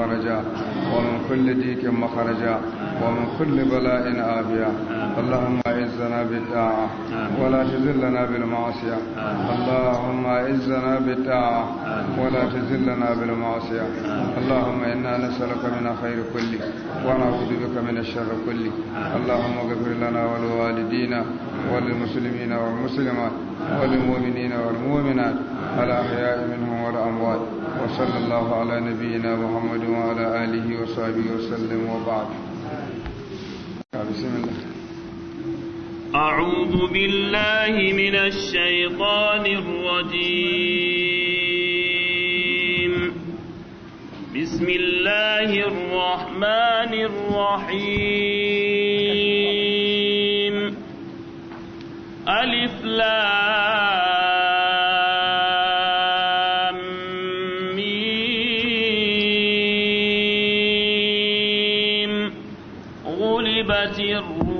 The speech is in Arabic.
فرجا ومن كل ديك مخرجا ومن كل بلاء آبيا اللهم اعزنا بالطاعة ولا تزلنا بالمعصية اللهم اعزنا بالطاعة ولا تزلنا بالمعصية اللهم إنا نسألك من خير كله ونعوذ بك من الشر كله اللهم اغفر لنا ولوالدينا وللمسلمين والمسلمات وللمؤمنين والمؤمنات الأحياء منهم والأموات وصلى الله على نبينا محمد وعلى آله وصحبه وسلم وبعد بسم الله أعوذ بالله من الشيطان الرجيم بسم الله الرحمن الرحيم ألف لام غلبت الروم